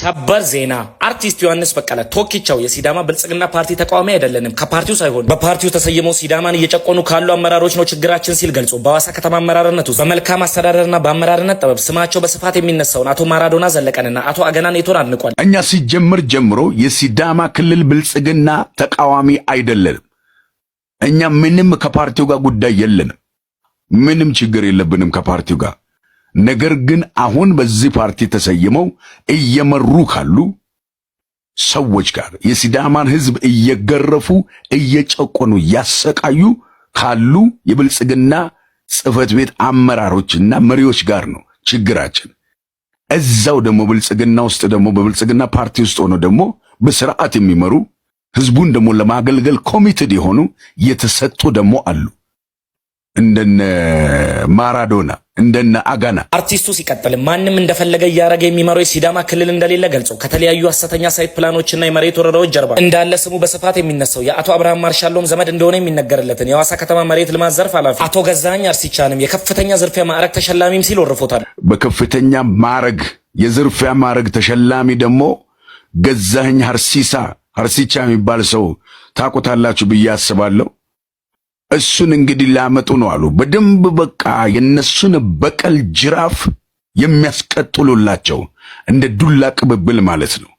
ሰበር ዜና አርቲስት ዮሐንስ በቀለ ቶኪቻው የሲዳማ ብልጽግና ፓርቲ ተቃዋሚ አይደለንም፣ ከፓርቲው ሳይሆን በፓርቲው ተሰይመው ሲዳማን እየጨቆኑ ካሉ አመራሮች ነው ችግራችን ሲል ገልጾ በሐዋሳ ከተማ አመራርነት ውስጥ በመልካም አስተዳደርና በአመራርነት ጥበብ ስማቸው በስፋት የሚነሳውን አቶ ማራዶና ዘለቀንና አቶ አገና ኔቶን አድንቋል። እኛ ሲጀምር ጀምሮ የሲዳማ ክልል ብልጽግና ተቃዋሚ አይደለንም። እኛ ምንም ከፓርቲው ጋር ጉዳይ የለንም። ምንም ችግር የለብንም ከፓርቲው ጋር ነገር ግን አሁን በዚህ ፓርቲ ተሰይመው እየመሩ ካሉ ሰዎች ጋር የሲዳማን ህዝብ እየገረፉ እየጨቆኑ እያሰቃዩ ካሉ የብልጽግና ጽህፈት ቤት አመራሮችና መሪዎች ጋር ነው ችግራችን። እዛው ደግሞ ብልጽግና ውስጥ ደግሞ በብልጽግና ፓርቲ ውስጥ ሆኖ ደግሞ በስርዓት የሚመሩ ህዝቡን ደግሞ ለማገልገል ኮሚትድ የሆኑ የተሰጡ ደግሞ አሉ። እንደነ ማራዶና እንደነ አጋና አርቲስቱ ሲቀጥል ማንም እንደፈለገ እያረገ የሚመራው የሲዳማ ክልል እንደሌለ ገልጾ ከተለያዩ ሀሰተኛ ሳይት ፕላኖችና የመሬት ወረዳዎች ጀርባ እንዳለ ስሙ በስፋት የሚነሳው የአቶ አብርሃም ማርሻሎም ዘመድ እንደሆነ የሚነገርለትን የሐዋሳ ከተማ መሬት ልማት ዘርፍ ኃላፊ አቶ ገዛኝ አርሲቻንም የከፍተኛ ዝርፊያ ማዕረግ ተሸላሚም ሲል ወርፎታል። በከፍተኛ ማዕረግ የዝርፊያ ማዕረግ ተሸላሚ ደግሞ ገዛኝ አርሲሳ አርሲቻ የሚባል ሰው ታቁታላችሁ ብዬ አስባለሁ። እሱን እንግዲህ ላመጡ ነው አሉ። በደንብ በቃ የነሱን በቀል ጅራፍ የሚያስቀጥሉላቸው እንደ ዱላ ቅብብል ማለት ነው።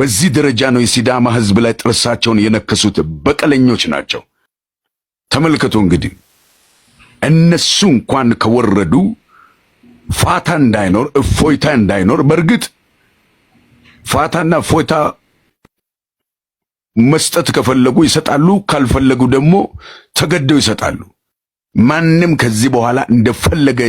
በዚህ ደረጃ ነው የሲዳማ ህዝብ ላይ ጥርሳቸውን የነከሱት። በቀለኞች ናቸው። ተመልከቱ እንግዲህ እነሱ እንኳን ከወረዱ ፋታ እንዳይኖር እፎይታ እንዳይኖር በእርግጥ ፋታና እፎይታ መስጠት ከፈለጉ ይሰጣሉ፣ ካልፈለጉ ደግሞ ተገደው ይሰጣሉ። ማንም ከዚህ በኋላ እንደፈለገ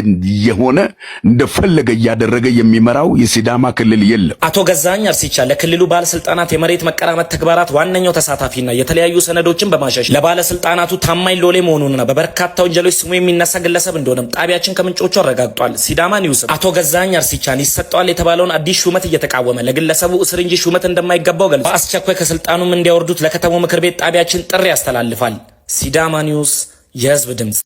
የሆነ እንደፈለገ እያደረገ የሚመራው የሲዳማ ክልል የለም። አቶ ገዛኝ አርሲቻ ለክልሉ ባለስልጣናት የመሬት መቀራመት ተግባራት ዋነኛው ተሳታፊና የተለያዩ ሰነዶችን በማሸሽ ለባለስልጣናቱ ታማኝ ሎሌ መሆኑንና በበርካታ ወንጀሎች ስሙ የሚነሳ ግለሰብ እንደሆነም ጣቢያችን ከምንጮቹ አረጋግጧል። ሲዳማ ኒውስ አቶ ገዛኝ አርሲሳን ይሰጠዋል የተባለውን አዲስ ሹመት እየተቃወመ ለግለሰቡ እስር እንጂ ሹመት እንደማይገባው ገልጾ በአስቸኳይ ከስልጣኑም እንዲያወርዱት ለከተማው ምክር ቤት ጣቢያችን ጥሪ ያስተላልፋል። ሲዳማ ኒውስ የህዝብ ድምፅ